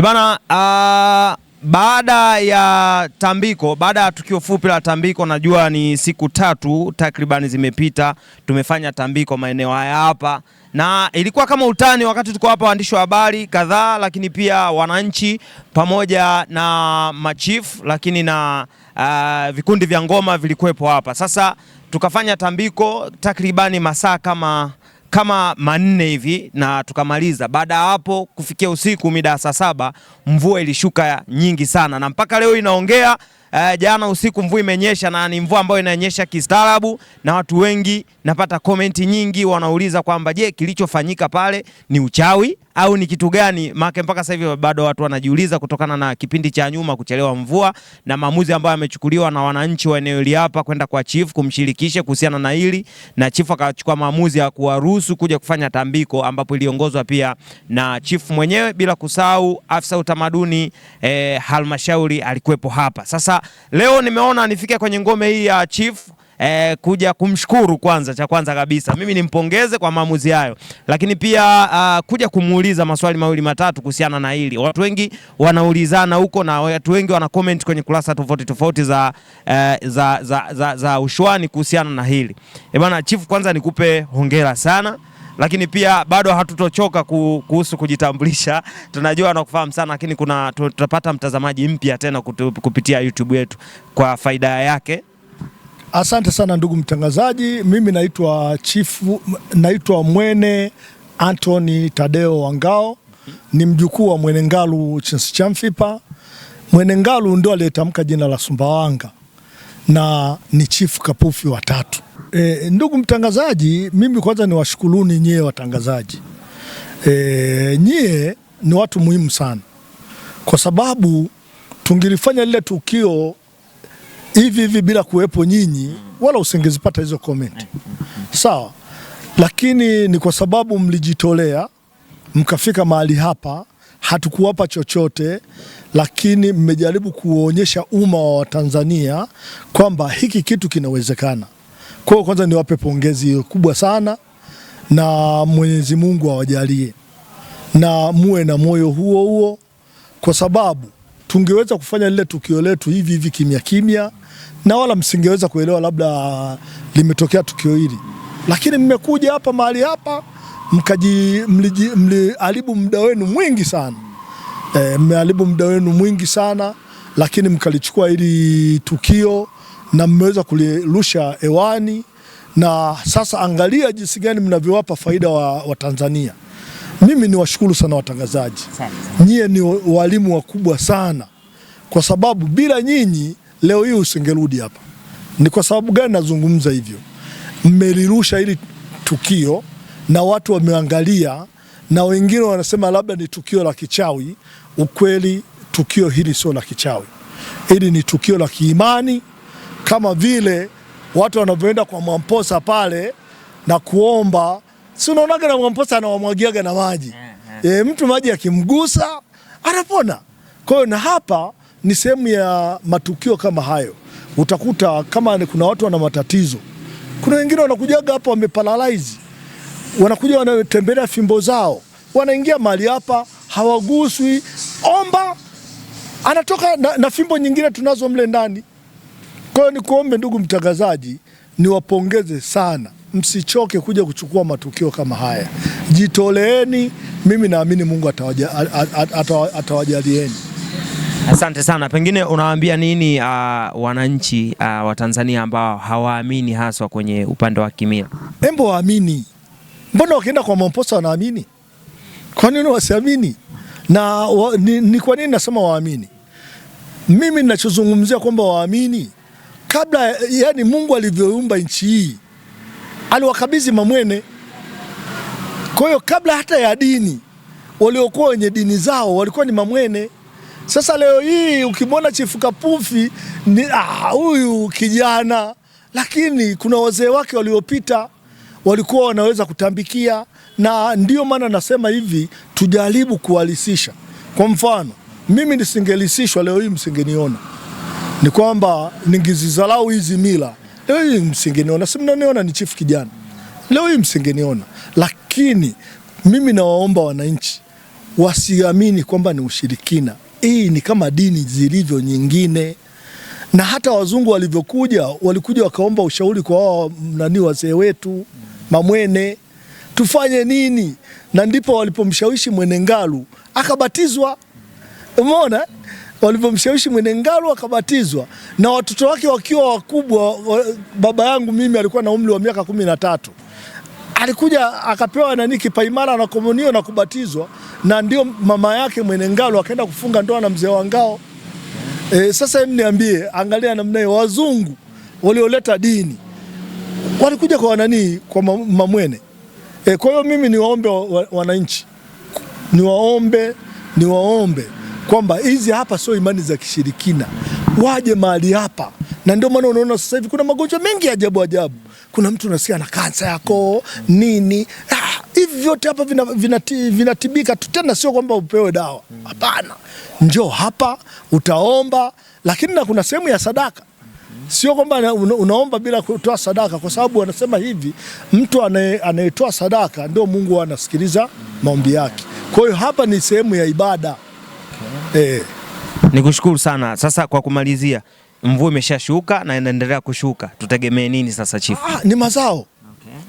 E bana, uh, baada ya tambiko, baada ya tukio fupi la tambiko, najua ni siku tatu takribani zimepita, tumefanya tambiko maeneo haya hapa, na ilikuwa kama utani wakati tuko hapa, waandishi wa habari kadhaa, lakini pia wananchi pamoja na machifu, lakini na uh, vikundi vya ngoma vilikuwepo hapa. Sasa tukafanya tambiko takribani masaa kama kama manne hivi na tukamaliza. Baada ya hapo kufikia usiku mida saa saba mvua ilishuka nyingi sana na mpaka leo inaongea Uh, jana usiku mvua imenyesha na ni mvua ambayo inanyesha kistaarabu, na watu wengi napata komenti nyingi wanauliza kwamba je, kilichofanyika pale ni uchawi au ni kitu gani? Maana mpaka sasa hivi bado watu wanajiuliza kutokana na kipindi cha nyuma kuchelewa mvua na maamuzi ambayo yamechukuliwa na wananchi wa eneo hili hapa kwenda kwa chief kumshirikisha kuhusiana na hili, na chief akachukua maamuzi ya kuwaruhusu kuja kufanya tambiko, ambapo iliongozwa pia na chief mwenyewe, bila kusahau afisa utamaduni eh, halmashauri alikuwepo hapa sasa leo nimeona nifike kwenye ngome hii ya Chief eh, kuja kumshukuru kwanza, cha kwanza kabisa mimi nimpongeze kwa maamuzi hayo, lakini pia uh, kuja kumuuliza maswali mawili matatu kuhusiana na hili. Watu wengi wanaulizana huko na watu wengi wana comment kwenye kurasa tofauti tofauti za, eh, za, za, za, za ushwani kuhusiana na hili. E bwana Chief, kwanza nikupe hongera sana lakini pia bado hatutochoka kuhusu kujitambulisha. Tunajua anakufahamu sana, lakini kuna tutapata mtazamaji mpya tena kupitia YouTube yetu kwa faida yake. Asante sana ndugu mtangazaji, mimi naitwa Chifu, naitwa Mwene Anthony Tadeo Wangao, ni mjukuu wa Mwenengalu Chinsichamfipa. Mwenengalu ndio aliyetamka jina la Sumbawanga na ni chifu Kapufi watatu. E, ndugu mtangazaji, mimi kwanza ni washukuruni nyie watangazaji e, nyie ni watu muhimu sana, kwa sababu tungilifanya lile tukio hivi hivi bila kuwepo nyinyi, wala usingezipata hizo komenti sawa, lakini ni kwa sababu mlijitolea mkafika mahali hapa hatukuwapa chochote, lakini mmejaribu kuonyesha umma wa Watanzania kwamba hiki kitu kinawezekana. Kwa hiyo kwanza niwape pongezi kubwa sana na Mwenyezi Mungu awajalie na muwe na moyo huo huo, kwa sababu tungeweza kufanya lile tukio letu hivi hivi kimya kimya, na wala msingeweza kuelewa labda limetokea tukio hili, lakini mmekuja hapa mahali hapa mkaji mliharibu muda wenu mwingi sana e, eh, mmeharibu muda wenu mwingi sana lakini mkalichukua hili tukio na mmeweza kulirusha hewani, na sasa angalia jinsi gani mnavyowapa faida wa, wa Tanzania. Mimi ni washukuru sana watangazaji, nyie ni walimu wakubwa sana, kwa sababu bila nyinyi leo hii usingerudi hapa. Ni kwa sababu gani nazungumza hivyo? Mmelirusha hili tukio na watu wameangalia, na wengine wanasema labda ni tukio la kichawi. Ukweli tukio hili sio la kichawi, hili ni tukio la kiimani, kama vile watu wanavyoenda kwa Mwamposa pale na kuomba. Si unaonaga na Mwamposa anawamwagiaga na maji e, mtu maji akimgusa anapona. Kwa hiyo na hapa ni sehemu ya matukio kama hayo. Utakuta kama kuna watu wana matatizo, kuna wengine wanakujaga hapa wameparalyze wanakuja wanatembelea fimbo zao, wanaingia mali hapa, hawaguswi omba, anatoka na, na fimbo nyingine tunazo mle ndani. Kwa hiyo nikuombe ndugu mtangazaji, niwapongeze sana, msichoke kuja kuchukua matukio kama haya, jitoleeni. Mimi naamini Mungu atawajalieni. Asante sana. Pengine unawaambia nini uh, wananchi uh, wa Tanzania ambao hawaamini haswa kwenye upande wa kimila? Embo waamini Mbona wakienda kwa Mamposa wanaamini? Kwa nini wasiamini? Na wa, ni, ni kwa nini nasema waamini? Mimi ninachozungumzia kwamba waamini kabla, yani Mungu alivyoumba nchi hii aliwakabidhi mamwene. Kwa hiyo kabla hata ya dini, waliokuwa wenye dini zao walikuwa ni mamwene. Sasa leo hii ukimwona Chifu Kapufi ni ah, huyu kijana, lakini kuna wazee wake waliopita walikuwa wanaweza kutambikia, na ndio maana nasema hivi tujaribu kuhalisisha. Kwa mfano mimi nisingelisishwa leo hii msingeniona, ni kwamba ningizizalau hizi mila leo hii msingeniona, si mnaniona ni chifu kijana, leo hii msingeniona. Lakini mimi nawaomba wananchi wasiamini kwamba ni ushirikina. Hii ni kama dini zilivyo nyingine, na hata wazungu walivyokuja walikuja wakaomba ushauri kwa wao nani wazee wetu. Mamwene, tufanye nini? Na ndipo walipomshawishi Mwenengalu akabatizwa. Umeona, walipomshawishi Mwenengalu akabatizwa na watoto wake wakiwa wakubwa. Baba yangu mimi alikuwa na umri wa miaka kumi na tatu alikuja akapewa nani kipaimara na komunio na kubatizwa, na ndio mama yake Ngalu akaenda kufunga ndoa na mzee wa Ngao. E, sasa niambie, angalia namna hiyo wazungu walioleta dini walikuja kwa wananii kwa mamwene e. Kwa hiyo mimi niwaombe wananchi, niwaombe niwaombe kwamba hizi hapa sio imani za kishirikina, waje mahali hapa, na ndio maana unaona sasa hivi kuna magonjwa mengi ajabu ajabu. Kuna mtu unasikia na kansa yako nini, ah, hivi vyote hapa vinatibika vina, vina tu, tena sio kwamba upewe dawa, hapana. Njoo hapa utaomba, lakini na kuna sehemu ya sadaka Sio kwamba unaomba bila kutoa sadaka, kwa sababu wanasema hivi, mtu anayetoa sadaka ndio Mungu anasikiliza maombi yake. Kwa hiyo hapa ni sehemu ya ibada okay. E. Nikushukuru sana. Sasa kwa kumalizia, mvua imeshashuka na inaendelea kushuka, tutegemee nini sasa chifu? Ah, ni mazao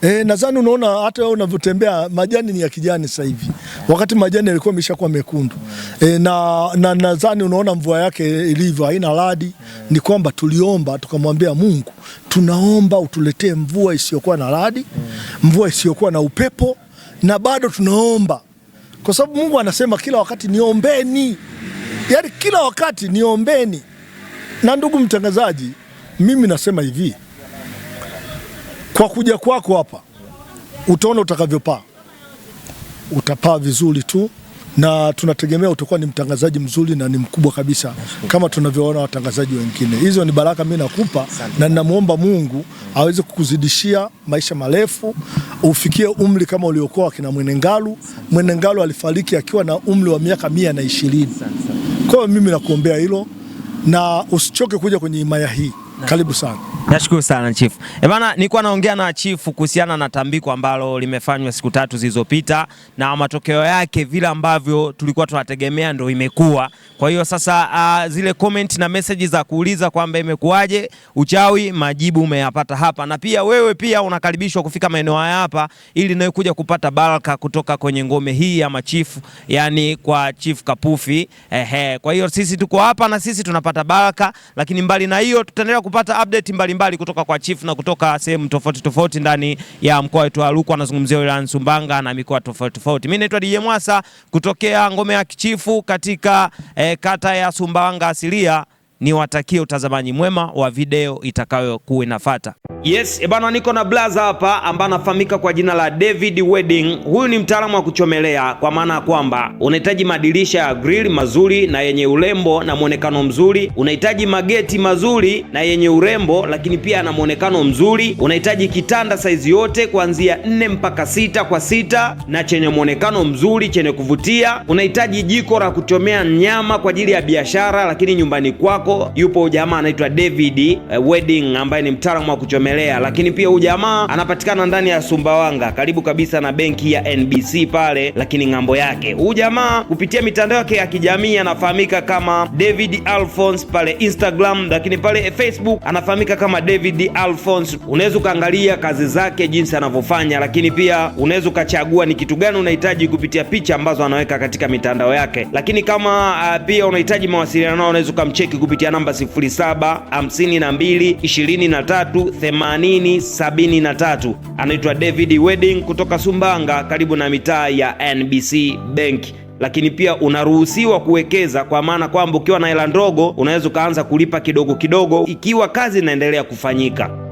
okay. E, nadhani unaona hata wewe unavyotembea majani ni ya kijani sasa hivi wakati majani yalikuwa yameshakuwa mekundu e, na nadhani na unaona mvua yake ilivyo haina radi. Ni kwamba tuliomba tukamwambia Mungu, tunaomba utuletee mvua isiyokuwa na radi, mvua isiyokuwa na upepo, na bado tunaomba kwa sababu Mungu anasema kila wakati niombeni, yaani kila wakati niombeni. Na ndugu mtangazaji, mimi nasema hivi, kwa kuja kwako hapa utaona utakavyopaa utapaa vizuri tu na tunategemea utakuwa ni mtangazaji mzuri na ni mkubwa kabisa kama tunavyoona watangazaji wengine. Hizo ni baraka mimi nakupa, na ninamwomba Mungu aweze kukuzidishia maisha marefu, ufikie umri kama uliokuwa kina Mwenengalu. Mwenengalu alifariki akiwa na umri wa miaka mia na ishirini. Kwa hiyo mimi nakuombea hilo, na usichoke kuja kwenye himaya hii. Karibu sana. Nashukuru sana chief. Eh, bana nilikuwa naongea na chief kuhusiana na tambiko ambalo limefanywa siku tatu zilizopita na matokeo yake vile ambavyo tulikuwa tunategemea ndio imekuwa. Kwa hiyo sasa, uh, zile comment na message za kuuliza kwamba imekuwaje uchawi, majibu umeyapata hapa, na pia wewe pia unakaribishwa kufika maeneo haya hapa ili nawe kuja kupata baraka kutoka kwenye ngome hii ya machifu, yani kwa chief Kapufi. Ehe, kwa hiyo sisi tuko hapa na sisi tunapata baraka, lakini mbali na hiyo tutaendelea kupata update mbalimbali mbali kutoka kwa chief na kutoka sehemu tofauti tofauti ndani ya mkoa wetu wa Rukwa, anazungumzia wilaya sumbanga na mikoa tofauti tofauti. Mimi naitwa DJ Mwasa kutokea ngome ya kichifu katika eh, kata ya Sumbawanga asilia niwatakie utazamaji mwema wa video itakayokuwa inafuata. Yes, ebana, niko na blaza hapa ambaye anafahamika kwa jina la David Wedding. Huyu ni mtaalamu wa kuchomelea, kwa maana ya kwamba unahitaji madirisha ya grill mazuri na yenye urembo na mwonekano mzuri, unahitaji mageti mazuri na yenye urembo, lakini pia na mwonekano mzuri. Unahitaji kitanda saizi yote kuanzia nne mpaka sita kwa sita na chenye mwonekano mzuri, chenye kuvutia. Unahitaji jiko la kuchomea nyama kwa ajili ya biashara, lakini nyumbani kwako wako Yupo jamaa anaitwa David uh, Wedding ambaye ni mtaalamu wa kuchomelea, lakini pia huyu jamaa anapatikana ndani ya Sumbawanga karibu kabisa na benki ya NBC pale, lakini ng'ambo yake. Huyu jamaa kupitia mitandao yake ya kijamii anafahamika kama David Alphonse pale Instagram, lakini pale Facebook anafahamika kama David Alphonse. Unaweza ukaangalia kazi zake jinsi anavyofanya, lakini pia unaweza ukachagua ni kitu gani unahitaji kupitia picha ambazo anaweka katika mitandao yake, lakini kama uh, pia unahitaji mawasiliano nao unaweza ukamcheki kupitia namba 0752238073. Anaitwa David Wedding kutoka Sumbanga, karibu na mitaa ya NBC Bank lakini pia unaruhusiwa kuwekeza kwa maana kwamba ukiwa na hela ndogo unaweza ukaanza kulipa kidogo kidogo, ikiwa kazi inaendelea kufanyika.